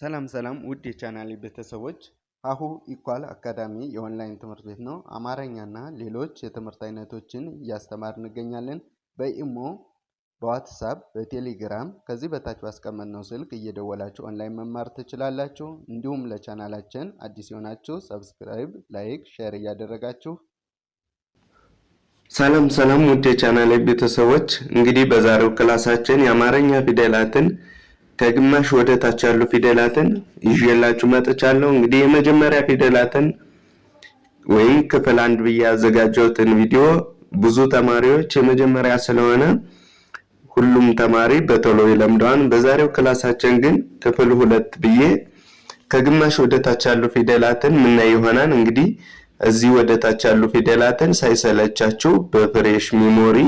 ሰላም ሰላም ውድ የቻናሌ ቤተሰቦች ሀሁ ኢኳል አካዳሚ የኦንላይን ትምህርት ቤት ነው። አማረኛና ሌሎች የትምህርት አይነቶችን እያስተማር እንገኛለን። በኢሞ፣ በዋትሳፕ፣ በቴሌግራም ከዚህ በታች ባስቀመጥነው ስልክ እየደወላችሁ ኦንላይን መማር ትችላላችሁ። እንዲሁም ለቻናላችን አዲስ የሆናችሁ ሰብስክራይብ፣ ላይክ፣ ሼር እያደረጋችሁ ሰላም ሰላም ውድ የቻናሌ ቤተሰቦች እንግዲህ በዛሬው ክላሳችን የአማርኛ ፊደላትን ከግማሽ ወደ ታች ያሉ ፊደላትን ይዤላችሁ መጥቻለሁ። እንግዲህ የመጀመሪያ ፊደላትን ወይም ክፍል አንድ ብዬ ያዘጋጀሁትን ቪዲዮ ብዙ ተማሪዎች የመጀመሪያ ስለሆነ ሁሉም ተማሪ በቶሎ ይለምደዋል። በዛሬው ክላሳችን ግን ክፍል ሁለት ብዬ ከግማሽ ወደ ታች ያሉ ፊደላትን ምናይ ይሆናል። እንግዲህ እዚህ ወደ ታች ያሉ ፊደላትን ሳይሰለቻችሁ በፍሬሽ ሚሞሪ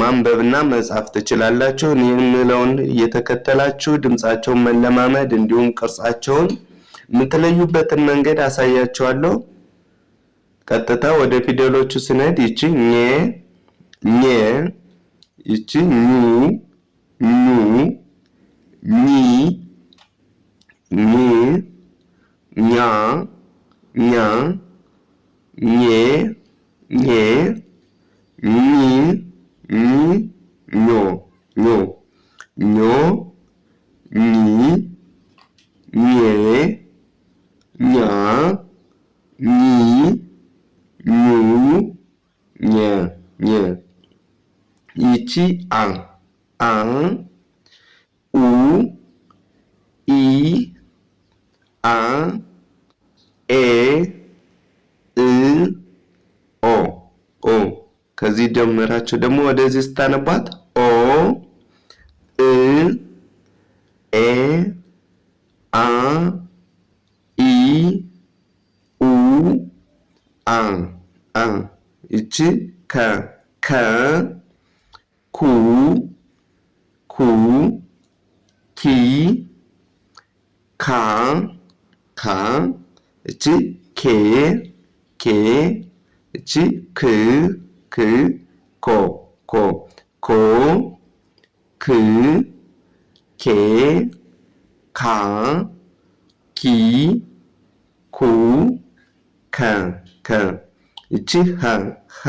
ማንበብና መጻፍ ትችላላችሁ የምለውን እየተከተላችሁ ድምፃቸውን መለማመድ እንዲሁም ቅርጻቸውን የምትለዩበትን መንገድ አሳያችኋለሁ። ቀጥታ ወደ ፊደሎቹ ስነድ ይቺ ኘ ኘ ይቺ ኙ ኙ ኚ ኚ ኛ ኛ ኘ ኘ ኚ ኞ ኞ ኞ ኒ ኜ ኛ ኚ ኙ ኘ ኘ ይቺ አ አ ኡ ኢ አ ኤ እ ኦ ኦ ከዚህ ደመራቸው ደግሞ ወደዚህ ስታነባት ኦ እ ኤ አ ኢ ኡ አ አ ይቺ ከ ከ ኩ ኩ ኪ ካ ካ እቺ ኬ ኬ እቺ ክ ክ ኮ ኮ ኮ ክ ኬ ካ ኪ ኩ ከ ከ እቺ ሀ ሀ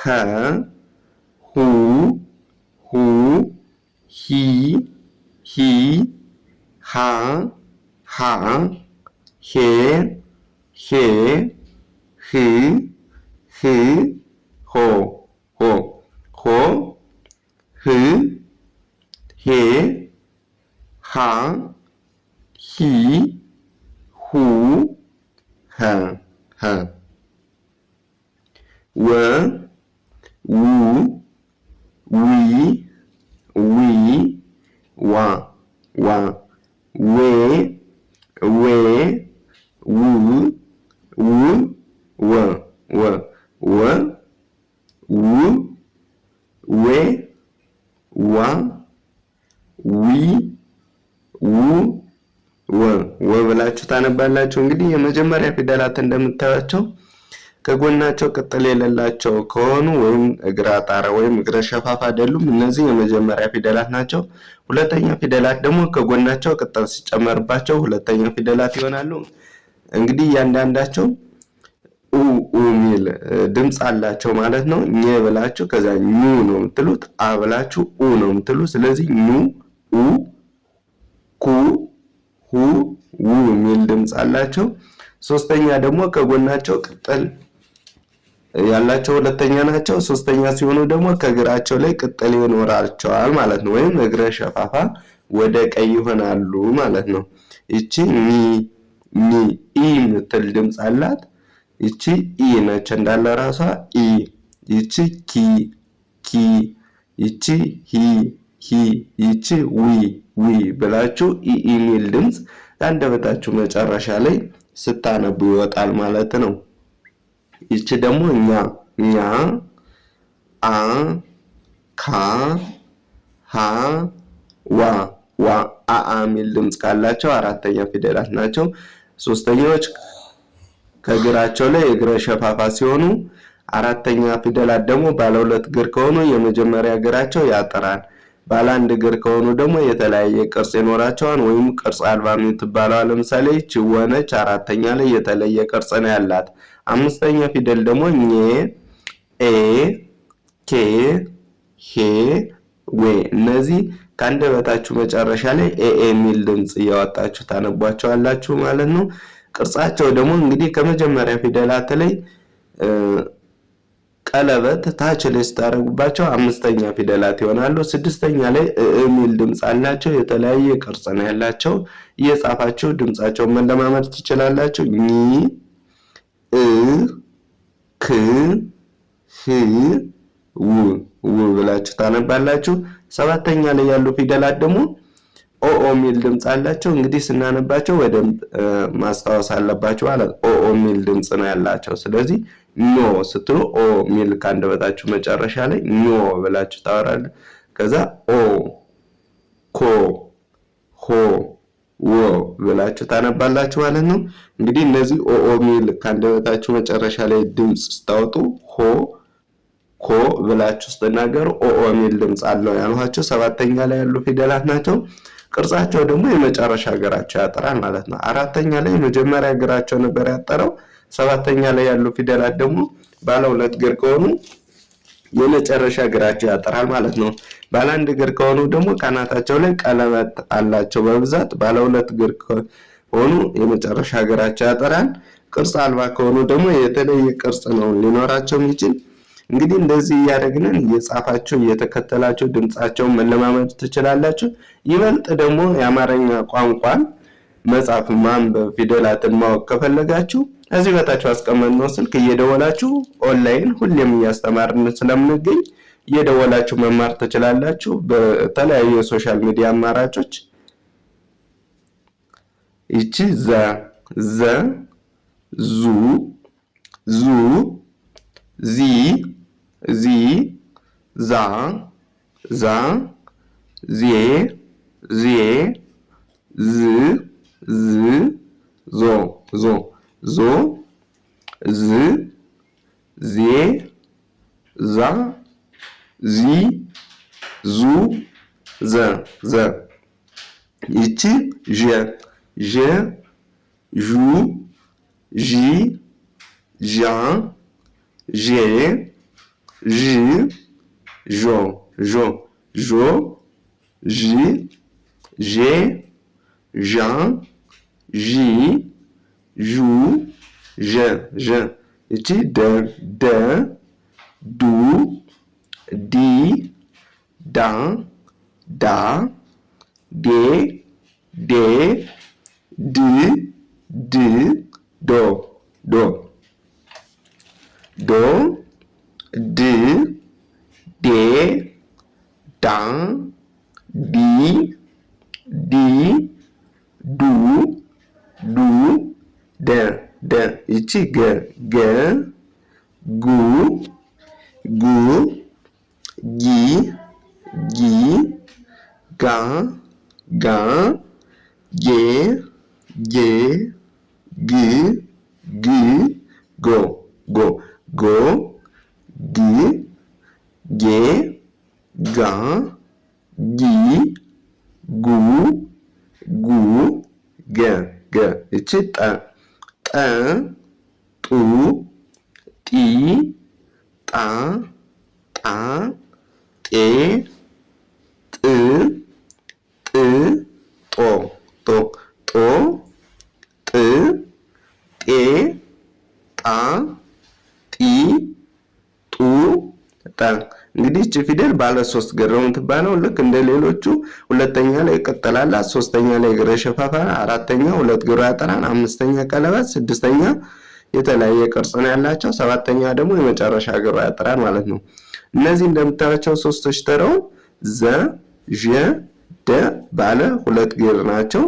ሀ ሁ ሁ ሂ ሂ ሃ ሃ ሄ ሄ ህ ህ ሆ ሆ ሆ ህ ሄ ሃ ሂ ሁ ሀ ሀ ወ ው ዊ ዊ ዋ ዋ ዌ ዌ ታነባላችሁ። እንግዲህ የመጀመሪያ ፊደላት እንደምታያቸው ከጎናቸው ቅጥል የሌላቸው ከሆኑ ወይም እግረ አጣራ ወይም እግረ ሸፋፍ አይደሉም። እነዚህ የመጀመሪያ ፊደላት ናቸው። ሁለተኛ ፊደላት ደግሞ ከጎናቸው ቅጥል ሲጨመርባቸው ሁለተኛ ፊደላት ይሆናሉ። እንግዲህ እያንዳንዳቸው ኡ ሚል ድምፅ አላቸው ማለት ነው። ኘ ብላችሁ ከዛ ኙ ነው የምትሉት፣ አ ብላችሁ ኡ ነው የምትሉት ስለዚህ ኙ ኡ ኩ ሁ ው የሚል ድምፅ አላቸው። ሶስተኛ ደግሞ ከጎናቸው ቅጠል ያላቸው ሁለተኛ ናቸው። ሶስተኛ ሲሆኑ ደግሞ ከእግራቸው ላይ ቅጠል ይኖራቸዋል ማለት ነው። ወይም እግረ ሸፋፋ ወደ ቀይ ይሆናሉ ማለት ነው። ይቺ ኒ ኒ ኢ የምትል ድምፅ አላት። ይቺ ኢ ነች እንዳለ ራሷ ኢ። ይቺ ኪ ኪ። ይቺ ሂ ሂ ይቺ ዊ ዊ ብላችሁ ኢኢሊል ድምፅ አንደበታችሁ መጨረሻ ላይ ስታነቡ ይወጣል ማለት ነው። ይቺ ደግሞ ኛ ኛ አ ካ ሀ ዋ ዋ አ አ የሚል ድምፅ ካላቸው አራተኛ ፊደላት ናቸው። ሶስተኛዎች ከግራቸው ላይ የእግረ ሸፋፋ ሲሆኑ አራተኛ ፊደላት ደግሞ ባለ ሁለት እግር ከሆኑ የመጀመሪያ እግራቸው ያጠራል። ባለ አንድ እግር ከሆኑ ደግሞ የተለያየ ቅርጽ ይኖራቸዋል ወይም ቅርጽ አልባ የምትባለው ለምሳሌ ችወነች አራተኛ ላይ የተለየ ቅርጽ ነው ያላት። አምስተኛ ፊደል ደግሞ ኘ፣ ኤ፣ ኬ፣ ሄ፣ ዌ እነዚህ በታችሁ መጨረሻ ላይ ኤ የሚል ድምፅ እያወጣችሁ ታነቧቸዋላችሁ ማለት ነው። ቅርጻቸው ደግሞ እንግዲህ ከመጀመሪያ ፊደላት ላይ ቀለበት ታች ላይ ስታደረጉባቸው አምስተኛ ፊደላት ይሆናሉ። ስድስተኛ ላይ የሚል ድምፅ አላቸው። የተለያየ ቅርጽ ነው ያላቸው። እየጻፋችሁ ድምፃቸውን መለማመድ ትችላላችሁ። ኝ እ ክ ህ ው ው ብላችሁ ታነባላችሁ። ሰባተኛ ላይ ያሉ ፊደላት ደግሞ ኦ የሚል ድምፅ አላቸው። እንግዲህ ስናነባቸው በደንብ ማስታወስ አለባቸው ማለት ኦ የሚል ድምፅ ነው ያላቸው። ስለዚህ ኞ ስትሉ ኦ የሚል ከአንደበታችሁ መጨረሻ ላይ ኞ ብላችሁ ታወራለ። ከዛ ኦ ኮ ሆ ወ ብላችሁ ታነባላችሁ ማለት ነው። እንግዲህ እነዚህ ኦ የሚል ከአንደበታችሁ መጨረሻ ላይ ድምፅ ስታወጡ ሆ ኮ ብላችሁ ስትናገሩ ኦ የሚል ድምፅ አለው ያልኋቸው ሰባተኛ ላይ ያሉ ፊደላት ናቸው። ቅርጻቸው ደግሞ የመጨረሻ እግራቸው ያጠራል ማለት ነው። አራተኛ ላይ የመጀመሪያ እግራቸው ነበር ያጠረው። ሰባተኛ ላይ ያሉ ፊደላት ደግሞ ባለ ሁለት እግር ከሆኑ የመጨረሻ እግራቸው ያጠራል ማለት ነው። ባለ አንድ እግር ከሆኑ ደግሞ ካናታቸው ላይ ቀለበት አላቸው በብዛት። ባለ ሁለት እግር ከሆኑ የመጨረሻ እግራቸው ያጠራል። ቅርጽ አልባ ከሆኑ ደግሞ የተለየ ቅርጽ ነው ሊኖራቸው የሚችል እንግዲህ እንደዚህ እያደረግን እየጻፋችሁ እየተከተላችሁ ድምፃቸውን መለማመድ ትችላላችሁ። ይበልጥ ደግሞ የአማርኛ ቋንቋን መጻፍ፣ ማንበብ፣ ፊደላትን ማወቅ ከፈለጋችሁ እዚህ በታች አስቀመጥነው ስልክ እየደወላችሁ ኦንላይን ሁሌም እያስተማርን ስለምንገኝ እየደወላችሁ መማር ትችላላችሁ። በተለያዩ የሶሻል ሚዲያ አማራጮች ይቺ ዘ ዘ ዙ ዙ zi, zi, za, za, zie, zie, z, z, zo, zo, zo, z, zie, za, zi, zu, z, z. je, je, Jou, j, jean, j'ai, j'ai, j'en, Jo Jo J j'ai, j'en, j'y, Jou je, je. de, de, D di, dans, da, De De du, du, do, do. ዶ ድ ዴ ዳ ዲ ዲ ዱ ዱ ደ ደ ይቺ ገ ገ ጉ ጉ ጊ ጊ ጋ ጋ ጌ ጌ ግ እች ጠ ጠ ጡ ጢ ጣ ባለ ሶስት ገረሙ ትባ ነው። ልክ እንደ ሌሎቹ ሁለተኛ ላይ ቀጠላላ፣ ሶስተኛ ላይ ግረ ሸፋፋ፣ አራተኛ ሁለት ግራ ጠራን፣ አምስተኛ ቀለበት፣ ስድስተኛ የተለያየ ቅርጽ ነው ያላቸው፣ ሰባተኛ ደግሞ የመጨረሻ ግራ ጠራን ማለት ነው። እነዚህ እንደምታያቸው ሶስቶች ተረው ዘ ዠ ደ ባለ ሁለት ግር ናቸው።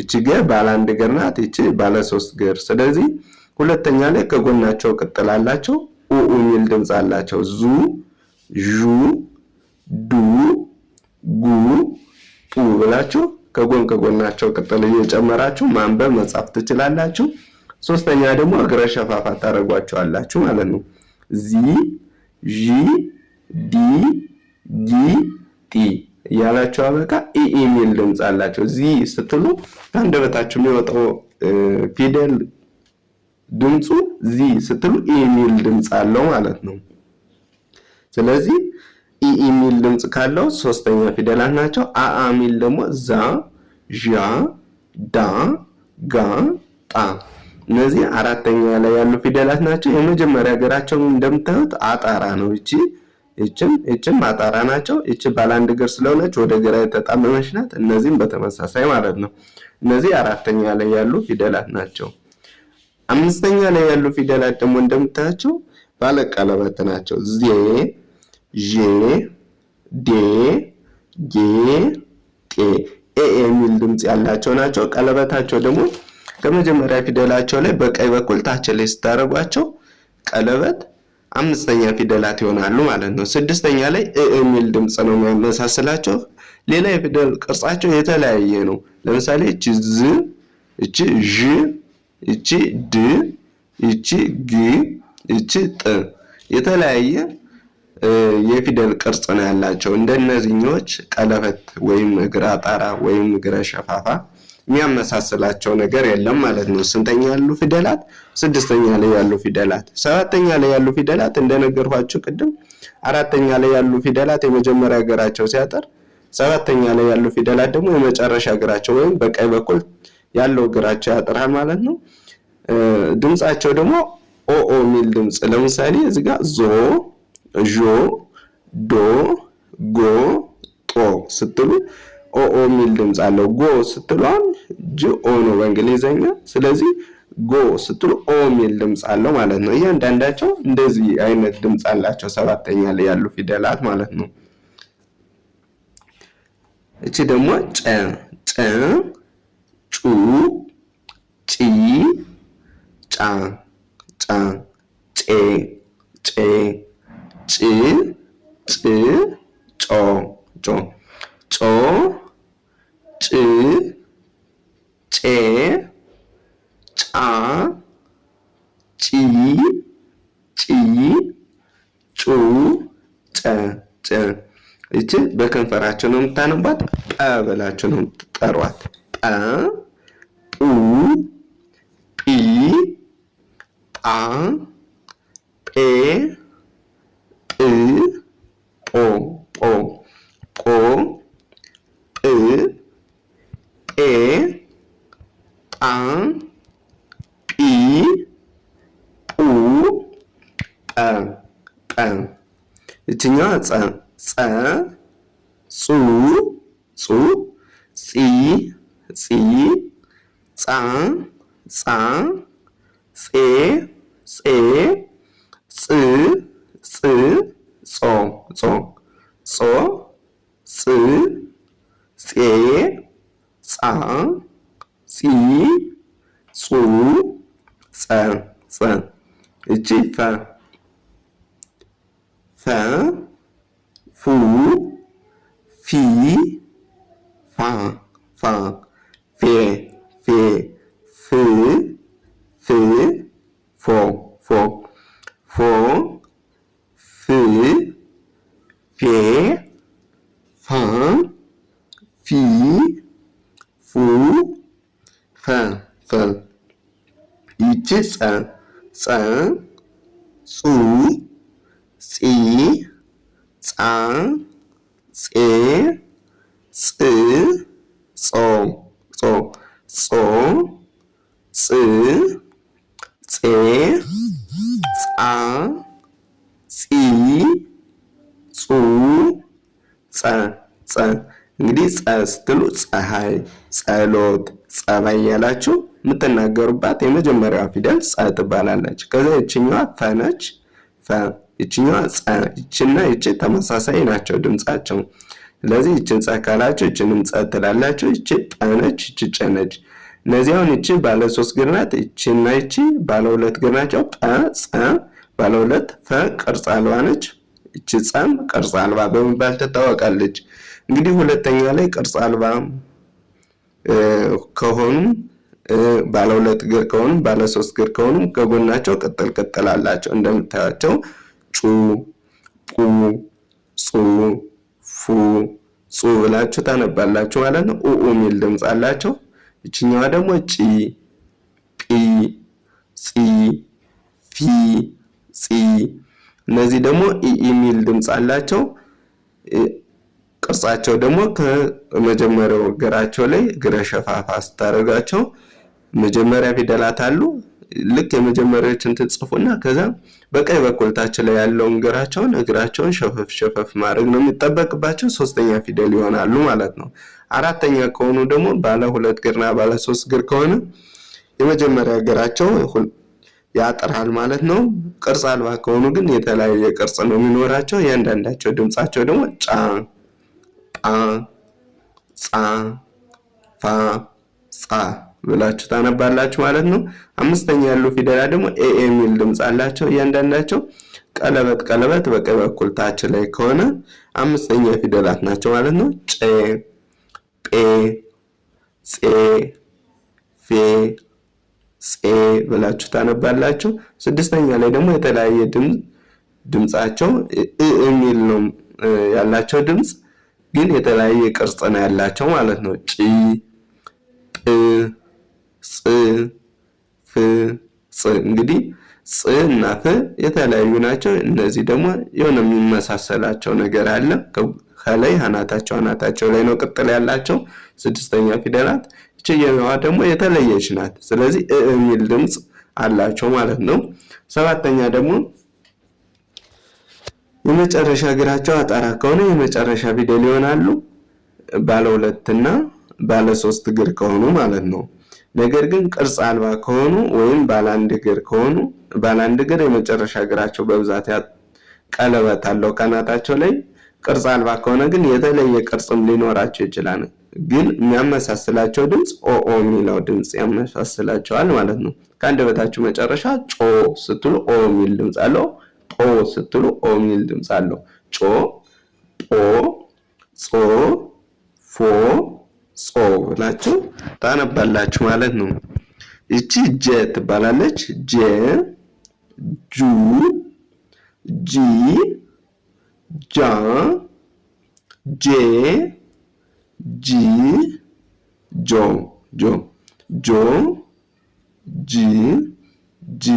እቺ ገ ባለ አንድ ግር ናት። እቺ ባለ ሶስት ግር። ስለዚህ ሁለተኛ ላይ ከጎናቸው ቅጥል አላቸው ኡ የሚል ድምፅ አላቸው ዙ ዡ ዱ ጉ ጡ ብላችሁ ከጎን ከጎናቸው ቅጥል እየጨመራችሁ ማንበብ መጻፍ ትችላላችሁ። ሶስተኛ ደግሞ እግረ ሸፋፋ ታደርጓቸዋላችሁ ማለት ነው። ዚ ዢ ዲ ጊ ጢ እያላችሁ አበቃ ኢ የሚል ድምፅ አላቸው። ዚ ስትሉ ከአንደበታችሁ የሚወጣው ፊደል ድምፁ ዚ ስትሉ ኢ የሚል ድምፅ አለው ማለት ነው። ስለዚህ ኢ የሚል ድምፅ ካለው ሶስተኛ ፊደላት ናቸው። አ የሚል ደግሞ ዛ፣ ዣ፣ ዳ፣ ጋ፣ ጣ እነዚህ አራተኛ ላይ ያሉ ፊደላት ናቸው። የመጀመሪያ ገራቸው እንደምታዩት አጣራ ነው። እቺ እችም እችም አጣራ ናቸው። እች ባለ አንድ እግር ስለሆነች ወደ ግራ የተጣመመች ናት። እነዚህም በተመሳሳይ ማለት ነው። እነዚህ አራተኛ ላይ ያሉ ፊደላት ናቸው። አምስተኛ ላይ ያሉ ፊደላት ደግሞ እንደምታያቸው ባለቀለበት ናቸው። ዜ ዤ ዴ ጌ ጤ ኤ የሚል ድምፅ ያላቸው ናቸው። ቀለበታቸው ደግሞ ከመጀመሪያ ፊደላቸው ላይ በቀኝ በኩል ታች ላይ ስታደርጓቸው ቀለበት አምስተኛ ፊደላት ይሆናሉ ማለት ነው። ስድስተኛ ላይ እ የሚል ድምፅ ነው የሚያመሳስላቸው። ሌላ የፊደል ቅርጻቸው የተለያየ ነው። ለምሳሌ እቺ ዝ፣ እቺ ዥ፣ እቺ ድ፣ እቺ ግ፣ እቺ ጥ የተለያየ የፊደል ቅርጽ ነው ያላቸው። እንደነዚህኞች ቀለበት ወይም እግረ አጣራ ወይም እግረ ሸፋፋ የሚያመሳስላቸው ነገር የለም ማለት ነው። ስንተኛ ያሉ ፊደላት? ስድስተኛ ላይ ያሉ ፊደላት። ሰባተኛ ላይ ያሉ ፊደላት እንደነገርኳችሁ ቅድም አራተኛ ላይ ያሉ ፊደላት የመጀመሪያ እግራቸው ሲያጠር፣ ሰባተኛ ላይ ያሉ ፊደላት ደግሞ የመጨረሻ እግራቸው ወይም በቀኝ በኩል ያለው እግራቸው ያጥራል ማለት ነው። ድምጻቸው ደግሞ ኦኦ የሚል ድምፅ ለምሳሌ እዚህ ጋር ዞ ዦ ዶ ጎ ጦ ስትሉ ኦኦ የሚል ድምፅ አለው። ጎ ስትሏል ጅኦ ነው በእንግሊዘኛ። ስለዚህ ጎ ስትሉ ኦ የሚል ድምፅ አለው ማለት ነው። እያንዳንዳቸው እንደዚህ አይነት ድምፅ አላቸው፣ ሰባተኛ ላይ ያሉ ፊደላት ማለት ነው። እቺ ደግሞ ጨ ጨ ጩ ጪ ጫ ጫ ጬ ጬ ጭ ጭ ጮ ጮ ጮ ጭ ጬ ጫ ጪ ጪ ጩ ጨ ጨ ይቺ በከንፈራቸው ነው የምታነቧት። ጠ በላቸው ነው የምትጠሯት። ጠ ጱ ጲ ጳ እችኛ ፀ ፀ ጹ ጹ ፂ ፂ ጻ ጻ ጼ ጼ ጽ ጽ ጾ ጾ ጾ ጽ ጼ ጻ ጺ ጹ ጸ ጸ እቺ ፈ 三、五、飞、方、方、飞、飞、飞、飞、方、方、方、飞、飞、方、飞、五、方、方、一七三三、五。ፂ ፃ ፄ ፅ ጾ ጾ ጾ ፅ ፄ ፃ ፂ ፁ ፀ ፀ እንግዲህ ፀ ስትሉ ፀሐይ፣ ጸሎት፣ ጸባይ ያላችሁ የምትናገሩባት የመጀመሪያዋ ፊደል ፀ ትባላለች። ከዛ የችኛዋ ፈነች ፈ ይችኛዋ ፀ ይችና ይች ተመሳሳይ ናቸው ድምጻቸው። ስለዚህ ይችን ፀ ካላችሁ ይችንም ፀ ትላላችሁ። ይች ጠነች፣ ይች ጨነች። እነዚህ አሁን ይች ባለ ሶስት ግር ናት። ይችና ይች ባለ ሁለት ግር ናቸው። ጠ ፀ ባለ ሁለት ፈ ቅርጽ አልባ ነች። ይች ፀም ቅርጽ አልባ በመባል ትታወቃለች። እንግዲህ ሁለተኛ ላይ ቅርጽ አልባ ከሆኑ ባለ ሁለት እግር ከሆኑ ባለ ሶስት እግር ከሆኑ ከጎናቸው ቅጥል ቅጥል አላቸው እንደምታያቸው ጩ ጡ ጹ ፉ ጹ ብላችሁ ታነባላችሁ ማለት ነው። ኡኡ የሚል ድምፅ አላቸው። እችኛዋ ደግሞ ጪ ጲ ጺ ፊ ጺ። እነዚህ ደግሞ ኢ የሚል ድምፅ አላቸው። ቅርጻቸው ደግሞ ከመጀመሪያው እግራቸው ላይ እግረ ሸፋፋ ስታደርጋቸው መጀመሪያ ፊደላት አሉ። ልክ የመጀመሪያዎችን ትጽፉና ከዛ በቀኝ በኩል ታች ላይ ያለውን እግራቸውን እግራቸውን ሸፈፍ ሸፈፍ ማድረግ ነው የሚጠበቅባቸው። ሶስተኛ ፊደል ይሆናሉ ማለት ነው። አራተኛ ከሆኑ ደግሞ ባለ ሁለት እግርና ባለ ሶስት እግር ከሆነ የመጀመሪያ እግራቸው ያጥራል ማለት ነው። ቅርጽ አልባ ከሆኑ ግን የተለያየ ቅርጽ ነው የሚኖራቸው። እያንዳንዳቸው ድምጻቸው ደግሞ ጫ፣ ጳ፣ ጻ፣ ፋ፣ ጻ ብላችሁ ታነባላችሁ ማለት ነው። አምስተኛ ያሉ ፊደላት ደግሞ ኤ የሚል ድምፅ አላቸው እያንዳንዳቸው። ቀለበት ቀለበት በቀኝ በኩል ታች ላይ ከሆነ አምስተኛ ፊደላት ናቸው ማለት ነው። ጬ፣ ጴ፣ ጼ፣ ፌ፣ ጼ ብላችሁ ታነባላችሁ። ስድስተኛ ላይ ደግሞ የተለያየ ድምፅ ድምፃቸው እ የሚል ነው ያላቸው ድምፅ ግን የተለያየ ቅርጽ ነው ያላቸው ማለት ነው ጪ ጥ ጽ ፍ ጽ እንግዲህ ጽ እና ፍ የተለያዩ ናቸው። እነዚህ ደግሞ የሆነ የሚመሳሰላቸው ነገር አለ። ከላይ አናታቸው አናታቸው ላይ ነው ቅጥል ያላቸው ስድስተኛ ፊደላት። ይችኛዋ ደግሞ የተለየች ናት። ስለዚህ እ የሚል ድምፅ አላቸው ማለት ነው። ሰባተኛ ደግሞ የመጨረሻ እግራቸው አጣራ ከሆነ የመጨረሻ ፊደል ይሆናሉ። ባለ ሁለት እና ባለ ሶስት እግር ከሆኑ ማለት ነው። ነገር ግን ቅርጽ አልባ ከሆኑ ወይም ባለአንድ እግር ከሆኑ ባለአንድ እግር የመጨረሻ እግራቸው በብዛት ቀለበት አለው ቀናታቸው ላይ። ቅርጽ አልባ ከሆነ ግን የተለየ ቅርጽም ሊኖራቸው ይችላል። ግን የሚያመሳስላቸው ድምፅ ኦኦ የሚለው ድምፅ ያመሳስላቸዋል ማለት ነው። በታችው መጨረሻ ጮ ስትሉ ኦ የሚል ድምፅ አለው። ጦ ስትሉ ኦ የሚል ድምፅ አለው። ጮ፣ ጦ፣ ጾ፣ ፎ ጾ ብላችሁ ታነባላችሁ ማለት ነው። ይቺ ጀ ትባላለች። ጀ ጁ ጂ ጃ ጄ ጂ ጆ ጆ ጆ ጂ ጂ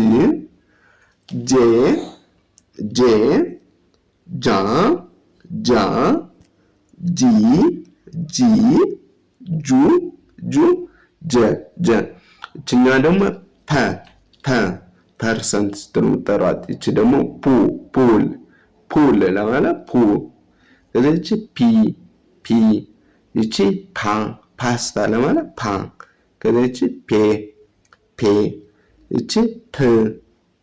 ጄ ጄ ጃ ጃ ጂ ጂ ጁ ጁ ጀ ጀ እችኛ ደግሞ ፐ ፐ ፐርሰንት ስትሉ የምትጠሯት እቺ ደግሞ ፑ ፑል ፑል ለማለት ፑ እዚች ፒ ፒ እቺ ፓ ፓስታ ለማለት ፓ ከዚች ፔ ፔ እቺ ፕ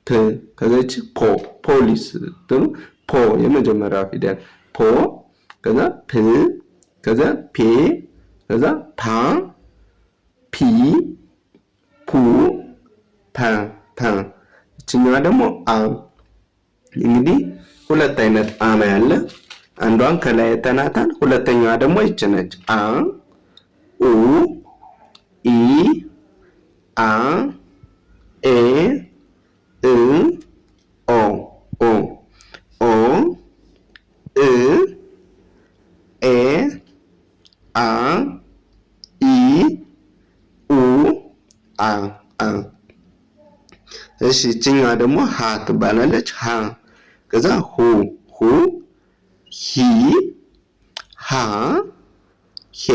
ፕ ከዚች ፖ ፖሊስ ስትሉ ፖ የመጀመሪያ ፊደል ፖ ከዛ ፕ ከዛ ፔ ከዛ ፓ ፒ ፑ ፐ ፐ እችኛዋ ደግሞ አ እንግዲህ ሁለት አይነት አማ ያለ አንዷን ከላይ ተናታን ሁለተኛዋ ደግሞ ይች ነች። አ ኡ ኢ አ ኤ እሺ እችኛዋ ደግሞ ሀ ትባላለች። ሀ ከዛ ሁ ሁ ሂ ሃ ሄ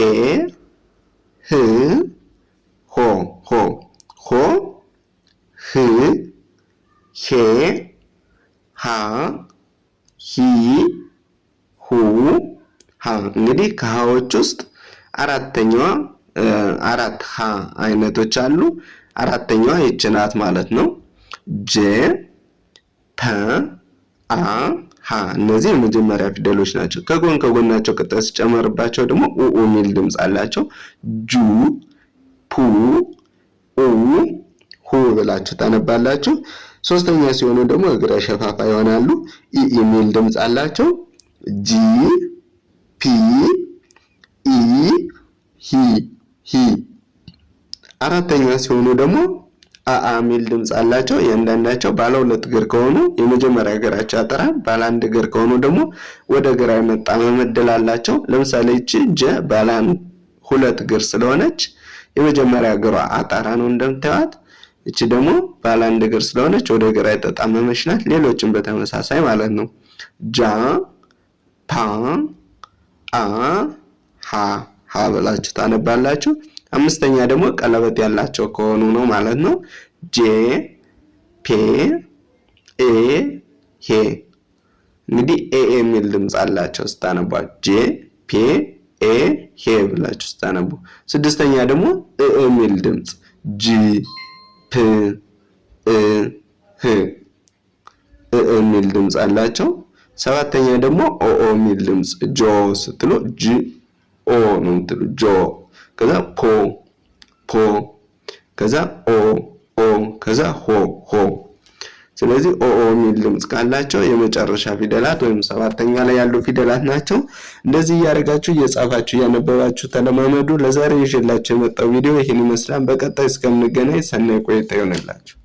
ህ ሆ ሆ ሆ ህ ሄ ሃ ሂ ሁ ሀ እንግዲህ ከሀዎች ውስጥ አራተኛዋ አራት ሀ አይነቶች አሉ። አራተኛዋ ይችናት ማለት ነው። ጄ ፐ አ ሀ እነዚህ የመጀመሪያ ፊደሎች ናቸው። ከጎን ከጎናቸው ቅጠል ሲጨመርባቸው ደግሞ ኡ የሚል ድምፅ አላቸው። ጁ ፑ ኡ ሁ ብላችሁ ታነባላችሁ። ሶስተኛ ሲሆኑ ደግሞ እግረ ሸፋፋ ይሆናሉ። ኢ የሚል ድምፅ አላቸው። ጂ ፒ ኢ ሂ ሂ አራተኛ ሲሆኑ ደግሞ አአ የሚል ድምፅ አላቸው። እያንዳንዳቸው ባለ ሁለት እግር ከሆኑ የመጀመሪያ እግራቸው ያጠራል። ባለ አንድ እግር ከሆኑ ደግሞ ወደ ግራ የመጣመም እድል አላቸው። ለምሳሌ ይቺ ጀ ባለ ሁለት እግር ስለሆነች የመጀመሪያ እግሯ አጣራ ነው እንደምታዩት። እቺ ደግሞ ባለ አንድ እግር ስለሆነች ወደ ግራ የተጣመመች ናት። ሌሎችን በተመሳሳይ ማለት ነው። ጃ ፓ አ ሃ ሃ ብላችሁ ታነባላችሁ። አምስተኛ ደግሞ ቀለበት ያላቸው ከሆኑ ነው ማለት ነው። ጄ ፔ ኤ ሄ እንግዲህ ኤ የሚል ድምፅ አላቸው ስታነቧ፣ ጄ ፔ ኤ ሄ ብላችሁ ስታነቡ። ስድስተኛ ደግሞ እ የሚል ድምፅ ጂ ፕ እ ህ እ የሚል ድምፅ አላቸው። ሰባተኛ ደግሞ ኦ የሚል ድምፅ ጆ ስትሉ ጂ ኦ ነው የምትሉ ጆ ከዛ ፖ ፖ ከዛ ኦ ኦ ከዛ ሆ ሆ። ስለዚህ ኦ ኦ የሚል ድምፅ ካላቸው የመጨረሻ ፊደላት ወይም ሰባተኛ ላይ ያሉ ፊደላት ናቸው። እንደዚህ እያደረጋችሁ እየጻፋችሁ እያነበባችሁ ተለማመዱ። ለዛሬ ይዤላችሁ የመጣው ቪዲዮ ይህን ይመስላል። በቀጣይ እስከምንገናኝ ሰናይ ቆይታ ይሆንላችሁ።